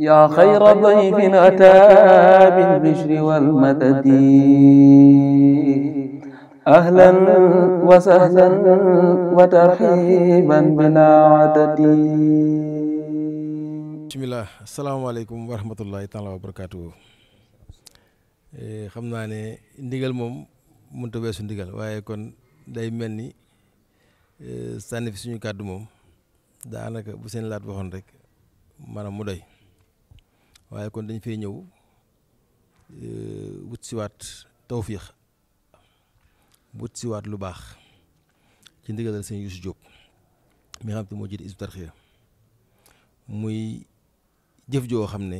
yaa xayra dayfin ataa bil bishri wal madadi ahlan wa sahlan wa tarhiiban bilaa adadi. bisimilah salaamaaleykum wa rahmatullahi taala wa barakaatu. xam naa ne ndigal moom mënut a ndigal waaye kon day mel ni sànni fi suñu kàddu moom daanaka bu seen laat rek maanaam mu doy. waaye kon dañ fay ñëw e, wut siwaat tawfiix wut siwaat lu baax ci ndigalal seen Yuusu Jóob mi xam te moo jiite Hizbut Tarqiyyah muy jëf joo xam ne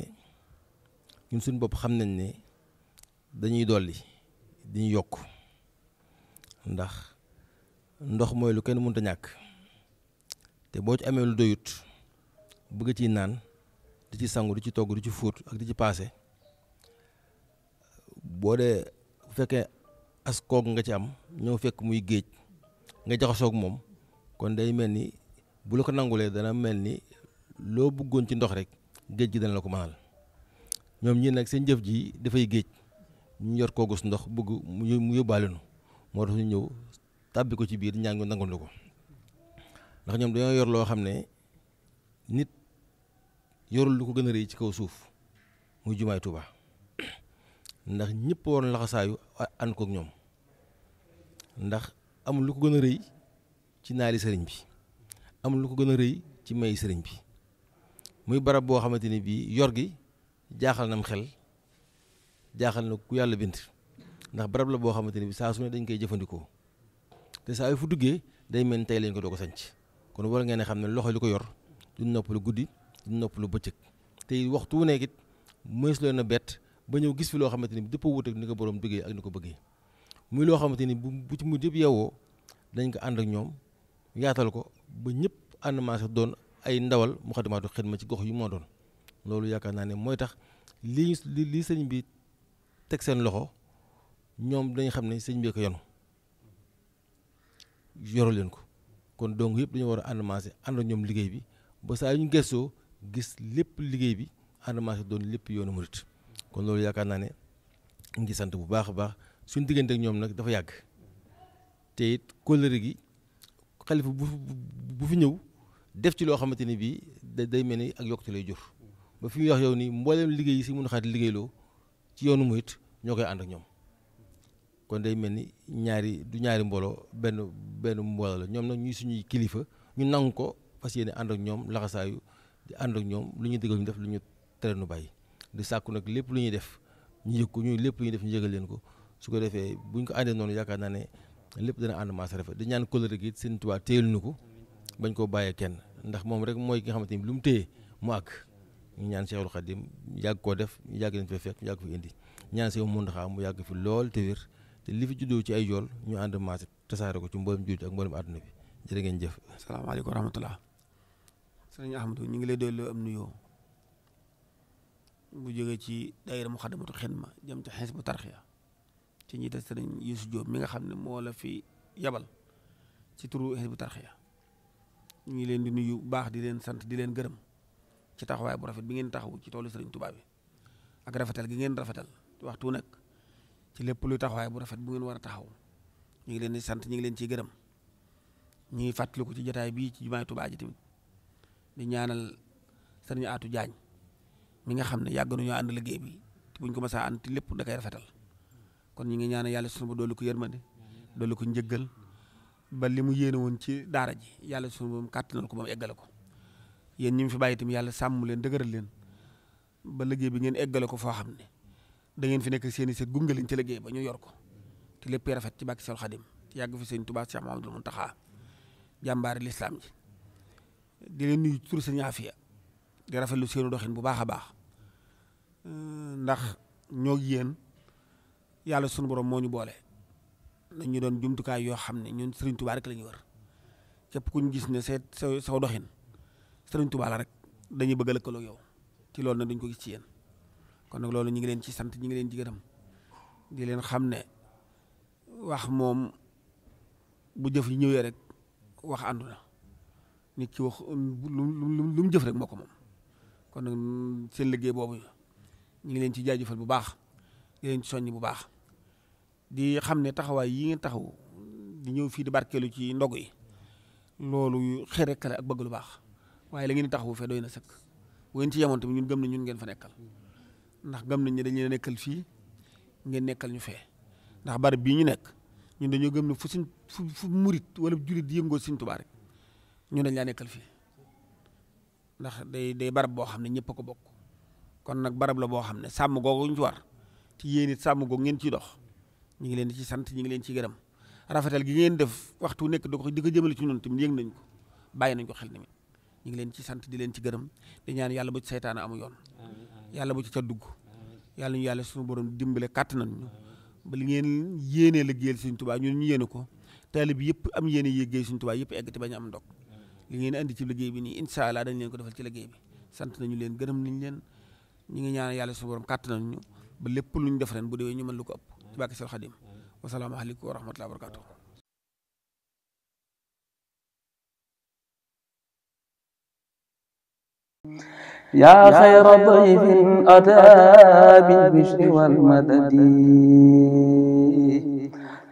ñun suñu bopp xam nañ ni dañuy dolli dañuy yokk ndax ndox mooy lu kenn mënta ñàkk te boo ci amee lu doyut bëgg ciy naan di ci sangu di ci togg di ci fóot ak di ci paase boo dee bu fekkee as koog nga ci am ñëw fekk muy géej nga jaxasoog moom kon day mel ni bu la ko nangulee dana mel ni loo bëggoon ci ndox rek géej gi dana la ko mënal ñoom ñii nag seen jëf ji dafay géej ñu yor koogus ndox bëgg mu yóbbaale nu moo tax ñu ñëw tàbbi ko ci biir ñaa ngi nangandu ko ndax ñoom dañoo yor loo xam ne nit yorul lu ko gën a rëy ci kaw suuf muy jumaay Tuuba ndax ñëpp waroon laxasaayu ànd kook ñoom ndax amul lu ko gën a rëy ci naali sëriñ bi amul lu ko gën a rëy ci may sëriñ bi muy barab boo xamante ni bii yor gi jaaxal nam xel jaaxal na ku yàlla bind ndax barab la boo xamante ni bi saa su dañ koy jëfandikoo te saa yu fu duggee day mel ni tey lañ ko doo ko sanc kon war ngeen a xam ne loxo lu ko yor du nopp guddi di noppalu bëccëg te waxtu wu nekk it moyes leen a bett ba ñëw gis fi loo xamante ni dëppoo wut ak ni ko boroom duggee ak ni ko bëggee muy loo xamante ni bu bu ci mujj yëpp yeewoo dañ ko ànd ak ñoom yaatal ko ba ñëpp ànd maa ay ndawal Muxaddamaatul Xidma ci gox yu moo doon loolu yaakaar ne mooy tax lii lii sëñ bi teg seen loxo ñoom dañ xam ne sëñ bi ko yonu leen ko kon donc yëpp dañu war a ànd maase ànd ñoom liggéey bi ba saa yu ñu gëstoo gis lépp liggéey bi àndamaa si doon lépp yoonu murit kon loolu yaakaar naa ne ñu ngi sant bu baax a baax suñ diggante ak ñoom nag dafa yàgg te it kóllëre gi xalifa bu bu fi ñëw def ci loo xamante ni bii day mel ni ak yokkute lay jur ba fi ñuy wax yow nii mbooleem liggéey si mun a xaat liggéeyloo ci yoonu murit ñoo koy ànd ak ñoom kon day mel ni ñaari du ñaari mbooloo benn benn mbooloo la ñoom nag ñuy suñuy kilifa ñu nangu ko fas yéene ànd ak ñoom laxasaayu di ànd ak ñoom lu ñu digal ñu def lu ñu tere nu bàyyi di sàkk nag lépp lu ñuy def ñu ñu lépp lu def ñu yëgal leen ko su ko defee bu ñu ko àndee noonu yaakaar naa ne lépp dana ànd maas rafet di ñaan kóllëre gi seen Tuubaa téyel nu ko bañ koo bàyyee kenn ndax moom rek mooy ki nga xamante ni lu mu téye mu àgg ñu ñaan Seexul Xadim yàgg koo def yàgg leen fi fekk yàgg fi indi ñaan Seex Muntaxa mu yàgg fi lool te wér te li fi juddoo ci ay yool ñu ànd maas tasaare ko ci mboolem jullit ak mboolem àdduna bi jërë ngeen jëf. salaamaaleykum wa rahmatullah sëriñ Ahmadou ñu ngi lay doy loo am nuyoo bu jógee ci daayira ma Xidma jëm ci Hizbut Tarqiyyah ci ñi des sëriñ Youssou Diop mi nga xam ne moo la fi yabal ci turu Hizbut Tarqiyyah ñu ngi leen di nuyu bu baax di leen sant di leen gërëm ci taxawaay bu rafet bi ngeen taxawu ci toolu sëriñ Tuubaa bi ak gi ngeen rafetal waxtu nekk ci lépp luy taxawaay bu rafet bu war a taxaw ñu ngi leen di sant ñu ngi leen ciy gërëm ñuy fàttaliku ci jotaay bii ci jumaay Tuubaa ji di ñaanal sëriñ atu jaañ mi nga xam ne yàgg nañoo ànd liggéey bi te buñ ko mësaa ànd te lépp da koy rafetal kon ñi ngi ñaanal yàlla sunu ba dolli ko yërmande doolu ko njëggal ba li mu yéene woon ci daara ji yàlla sunu ba mu kàttanal ko ba mu eggale ko yéen ñi mu fi bàyyi tamit yàlla sàmm leen dëgëral leen ba liggéey bi ngeen eggale ko foo xam ne da ngeen fi nekk seen i set gunge leen ci liggéey ba ñu yor ko te lépp rafet ci baak sol xadim yàgg fi sëñ Tuubaa Cheikh Mamadou Mountakha jàmbaari lislaam ji di leen nuyu tur sëñ Afia di rafetlu seenu doxin bu baax a baax euh, ndax ñoo yéen yàlla sunu borom moo ñu boole nañ ñu doon jumtukaay yoo xam ne ñun Serigne Touba rek la wër képp ku ñu gis ne seet sa saw doxin Serigne Touba la rek dañuy bëgg a lëkkaloo yow ci loolu nag duñ ko gis ci yéen kon nag loolu ñu ngi leen ci sant ñu ngi leen ci gërëm di leen xam ne wax moom bu jëf yi ñëwee rek wax àndu na nit ci wax lu lu mu jëf rek moo ko moom kon nag seen liggéey boobu ñu ngi leen ci jaajëfal bu baax di leen bu baax di xam ne taxawaay yi ngeen taxaw di ñëw fii di barkeelu ci ndog yi loolu xëy rek la ak bëgg lu baax waaye la ngeen taxawu fee doy na sëkk bu ngeen ci yemoon tamit ñun gëm nañ ñun ngeen fa nekkal ndax gëm nañ ne dañu nekkal fii ngeen nekkal ñu fee ndax barab bii ñu nekk ñun dañoo gëm ne fu suñ murit wala julit di yëngoo suñ Tuubaa ñu dañ laa nekkal fi ndax day day barab boo xam ne ñëpp ko bokk kon nag barab la boo xam ne sàmm googu ñu ci war ci yéen it ngeen ciy dox ñu ngi leen di ci sant ñu ngi leen ci gërëm rafetal gi ngeen def waxtu nekk di ko jëmal ko jëmale ci ñun tamit yëg nañ ko bàyyi nañ ko xel tamit ñu ngi leen ci sant di leen ci gërëm di ñaan yàlla bu ci seytaane amu yoon yàlla bu ci ca dugg yàlla ñu yàlla suñu borom dimbale kàtt nañ ñu ba li ngeen yéenee liggéeyal Sëriñ Tuubaa ñun ñu yéene ko taalib yëpp am yéene yéggéey Sëriñ yëpp egg bañ am ndog li ngeen andi ci liggéey bi nii incha allah dañ ko defal ci liggéey bi sant nañu leen gërëm nañ leen ñu ngi ñaan yàlla suñu borom kàtt nañu ba lépp lu ñu def ren bu déwee ñu mën lu ko ëpp ci bàkki sal xadim wasalaamaaleykum wa rahmatulah wa barakatuh yaa xayra dayfin ataa bil bishri wal